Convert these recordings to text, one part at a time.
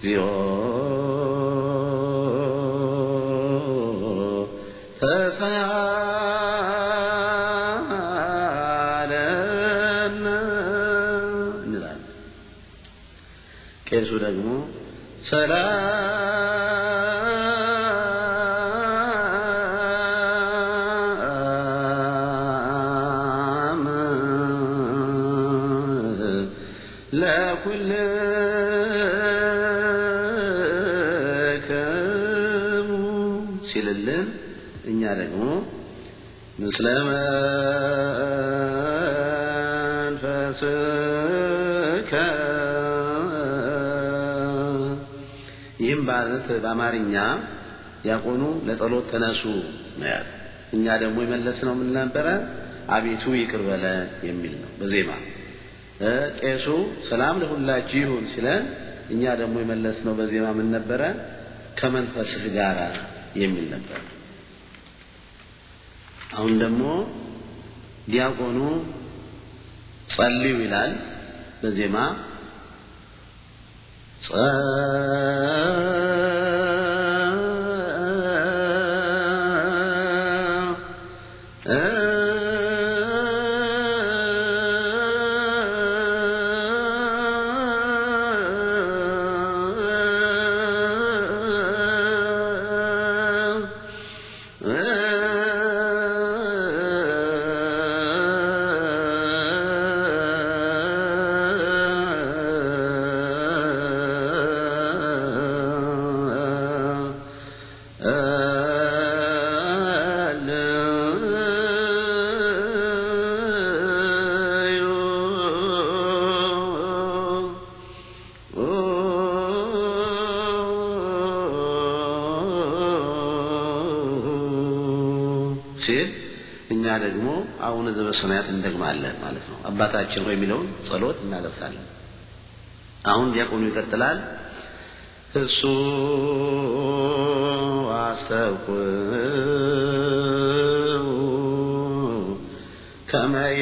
እግዚኦ ተሰያለነ እንላለን። ቄሱ ደግሞ ሰላም ለኩል እንዲልልን እኛ ደግሞ ምስለ መንፈስከ ይህም ማለት በአማርኛ ያቆኑ ለጸሎት ተነሱ ነው እኛ ደግሞ የመለስ ነው ምን ነበረ አቤቱ ይቅር በለን የሚል ነው በዜማ ቄሱ ሰላም ለሁላችሁ ይሁን ሲለን እኛ ደግሞ የመለስ ነው በዜማ ምን ነበረ ከመንፈስህ ጋር የሚል ነበር። አሁን ደግሞ ዲያቆኑ ጸልዩ ይላል በዜማ ጸ ሲል እኛ ደግሞ አቡነ ዘበሰማያት እንደግማለን ማለት ነው። አባታችን ሆይ የሚለውን ጸሎት እናደርሳለን። አሁን ዲያቆኑ ይቀጥላል። እሱ አስተውቁ ከመየ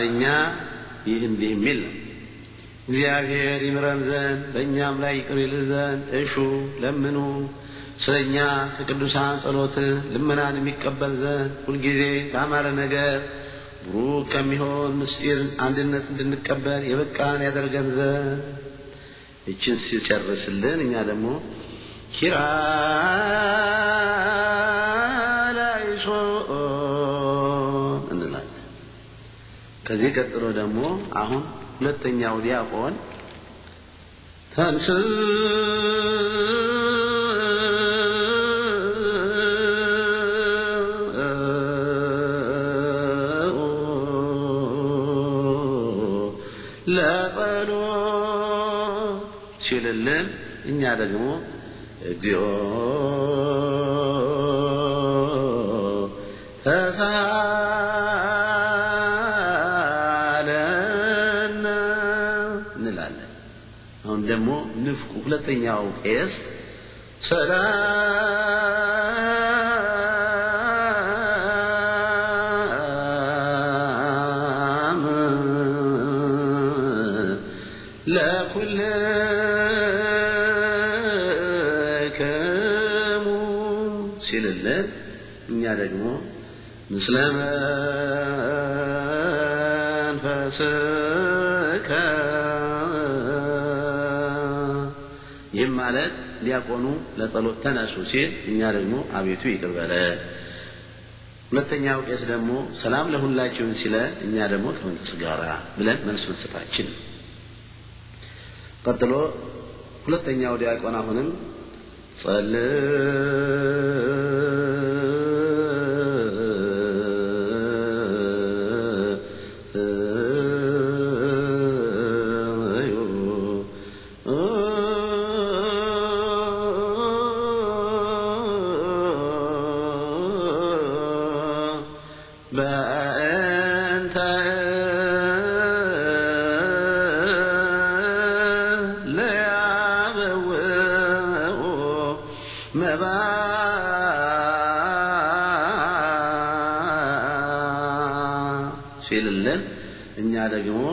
በአማርኛ ይህ እንዲህ የሚል ነው። እግዚአብሔር ይምረን ዘንድ በእኛም ላይ ይቅር ዘን ዘንድ እሹ ለምኑ ስለ እኛ ከቅዱሳን ጸሎት ልመናን የሚቀበል ዘንድ ሁልጊዜ በአማረ ነገር ብሩክ ከሚሆን ምስጢር አንድነት እንድንቀበል የበቃን ያደርገን ዘንድ ይችን ሲጨርስልን እኛ ደግሞ ኪራ ከዚህ ቀጥሎ ደግሞ አሁን ሁለተኛው ዲያቆን ተንስኡ ሲልልን እኛ ደግሞ እግዚኦ ተሳ ደግሞ ንፍቁ ሁለተኛው ቄስ ሰላም ከሙ ሲልልን እኛ ደግሞ ምስለ መንፈስከ ይህም ማለት ዲያቆኑ ለጸሎት ተነሱ ሲል እኛ ደግሞ አቤቱ ይቅርበለ ሁለተኛው ቄስ ደግሞ ሰላም ለሁላችሁን ሲለ እኛ ደግሞ ከመንፈስ ጋራ ብለን መልስ መስጠታችን። ቀጥሎ ሁለተኛው ዲያቆን አሁንም ጸል ሲልልን እኛ ደግሞ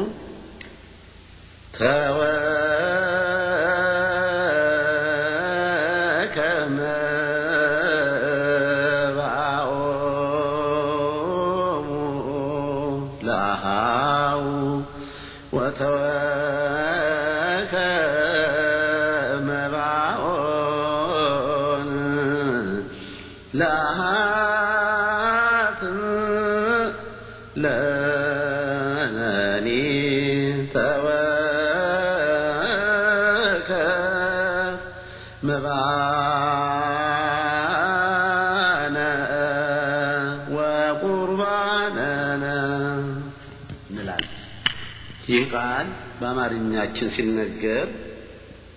ለአሃው ወተወ ይህ ቃል በአማርኛችን ሲነገር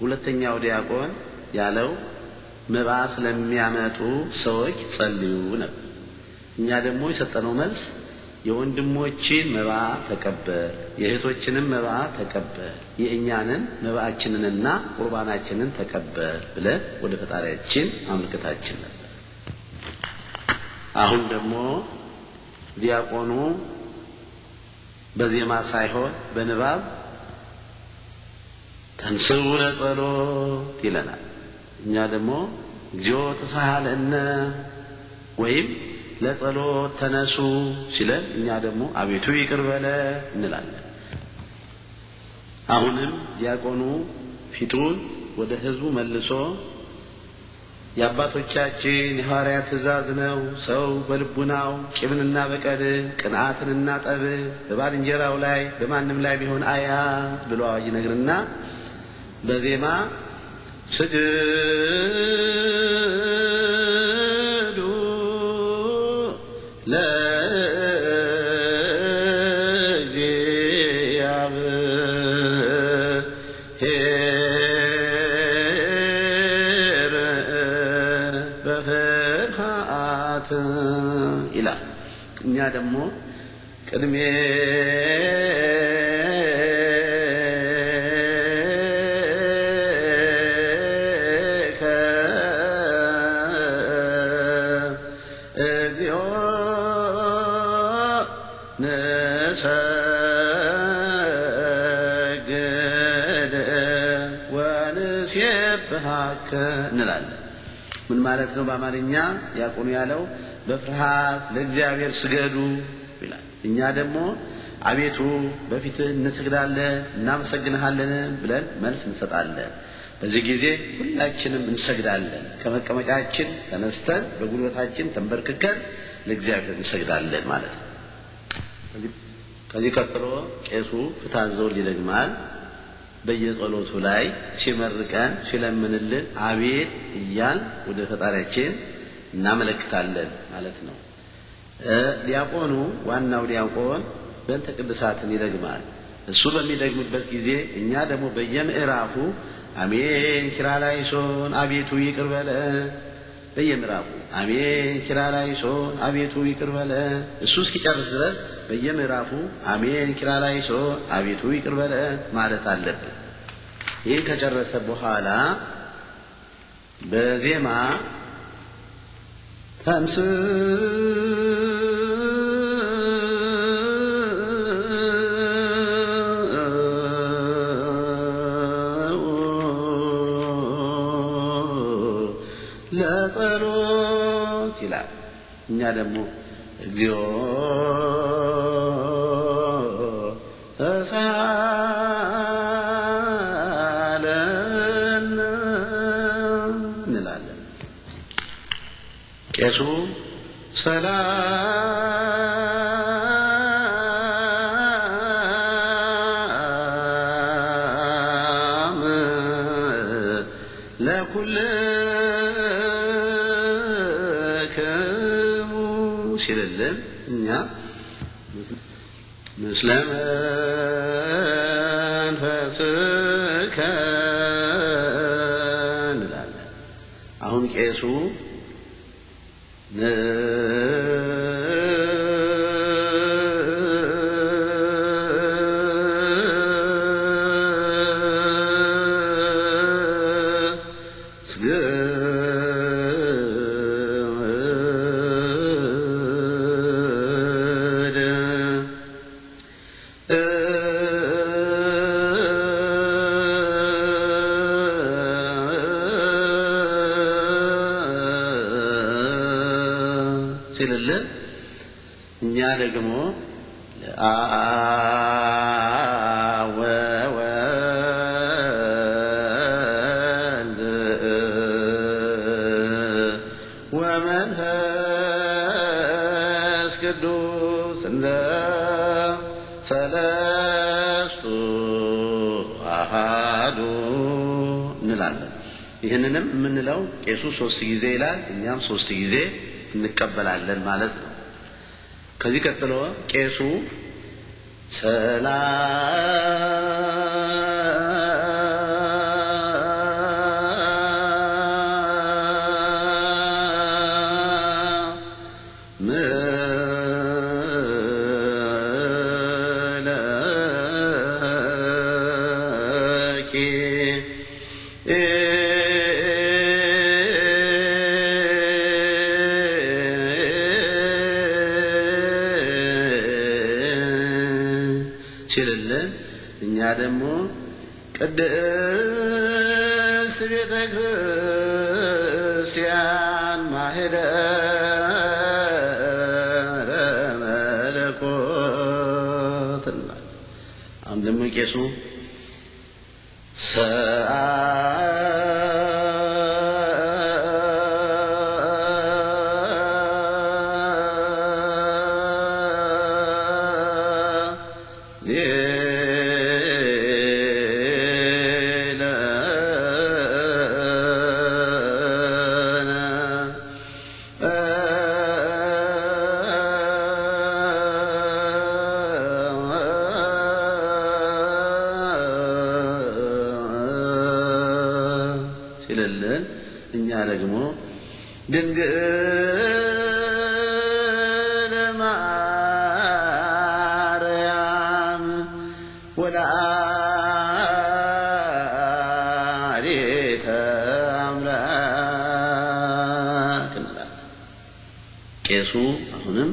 ሁለተኛው ዲያቆን ያለው መባ ስለሚያመጡ ሰዎች ጸልዩ ነበር። እኛ ደግሞ የሰጠነው መልስ የወንድሞችን መባ ተቀበል፣ የእህቶችንም መባ ተቀበል፣ የእኛንም መባችንንና ቁርባናችንን ተቀበል ብለን ወደ ፈጣሪያችን አምልክታችን ነበር። አሁን ደግሞ ዲያቆኑ በዜማ ሳይሆን በንባብ ተንስኡ ለጸሎት ይለናል። እኛ ደግሞ እግዚኦ ተሳሃለነ ወይም ለጸሎት ተነሱ ሲለን እኛ ደግሞ አቤቱ ይቅር በለ እንላለን። አሁንም ዲያቆኑ ፊቱን ወደ ሕዝቡ መልሶ የአባቶቻችን የሐዋርያ ትእዛዝ ነው። ሰው በልቡናው ቂምንና በቀል ቅንዓትንና ጠብ በባልንጀራው ላይ በማንም ላይ ቢሆን አያዝ ብሎ አዋጅ ይነግርና በዜማ ስግድ ፍርሃት ይላል። እኛ ደግሞ ቅድሜ ሰገደ እንላለን። ምን ማለት ነው? በአማርኛ ያቆኑ ያለው በፍርሃት ለእግዚአብሔር ስገዱ ይላል። እኛ ደግሞ አቤቱ በፊትህ እንሰግዳለን እናመሰግንሃለን ብለን መልስ እንሰጣለን። በዚህ ጊዜ ሁላችንም እንሰግዳለን። ከመቀመጫችን ተነስተን በጉልበታችን ተንበርክከን ለእግዚአብሔር እንሰግዳለን ማለት ነው። ከዚህ ቀጥሎ ቄሱ ፍትሐ ይደግማል። በየጸሎቱ ላይ ሲመርቀን ሲለምንልን አቤት እያል ወደ ፈጣሪያችን እናመለክታለን ማለት ነው። ዲያቆኑ ዋናው ዲያቆን በእንተ ቅድሳትን ይደግማል። እሱ በሚደግምበት ጊዜ እኛ ደግሞ በየምዕራፉ አሜን ኪርያላይሶን አቤቱ ይቅር በለ በየምዕራፉ አሜን ኪርያላይሶን አቤቱ ይቅር በለ እሱ እስኪጨርስ ድረስ በየምዕራፉ አሜን ኪራላይሶ አቤቱ ይቅር ማለት አለብን። ይህን ከጨረሰ በኋላ በዜማ ተንስ ለጸሎት ይላል። እኛ ደግሞ እግዚኦ ሰላም ለኩልክሙ ሲልልን እኛ ምስለ መንፈስከ እንላለን። አሁን ቄሱ ሲልልን እኛ ደግሞ ቅዱስ እንዘ ሰለስቱ አሃዱ እንላለን። ይህንንም የምንለው ቄሱ ሶስት ጊዜ ይላል፣ እኛም ሶስት ጊዜ እንቀበላለን ማለት ነው። ከዚህ ቀጥሎ ቄሱ ሰላም ሲልልን እኛ ደግሞ ቅድስት ቤተ ክርስቲያን ማህደረ መለኮት አሁን ደግሞ ቄሱ ድንግል ማርያም ወላዲተ አምላክ ቄሱ አሁንም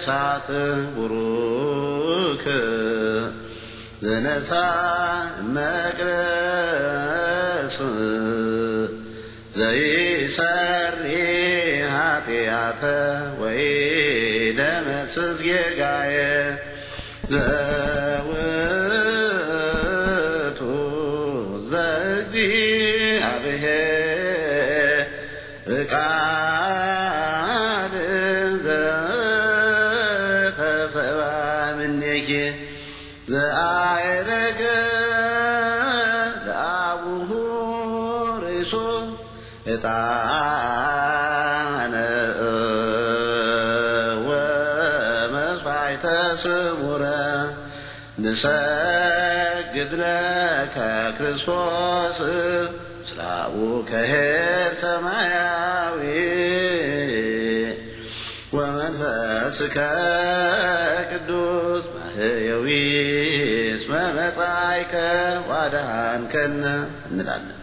እሳት ቡሩክ ዘነሳ መቅደስ ዘይሰሪ ኃጢአተ ወይ ደመስስ ጌጋየ ዘውቱ ዘእግዚአብሔር ቃል ዕጣነ ወመሥዋዕተ ስሙረ ንሰግድ ለከ ክርስቶስ ስላቡ ከሄድ ሰማያዊ ወመንፈስከ ቅዱስ ማህየዊ እስመ መጻእከ ዋዳሃንከነ እንላለን።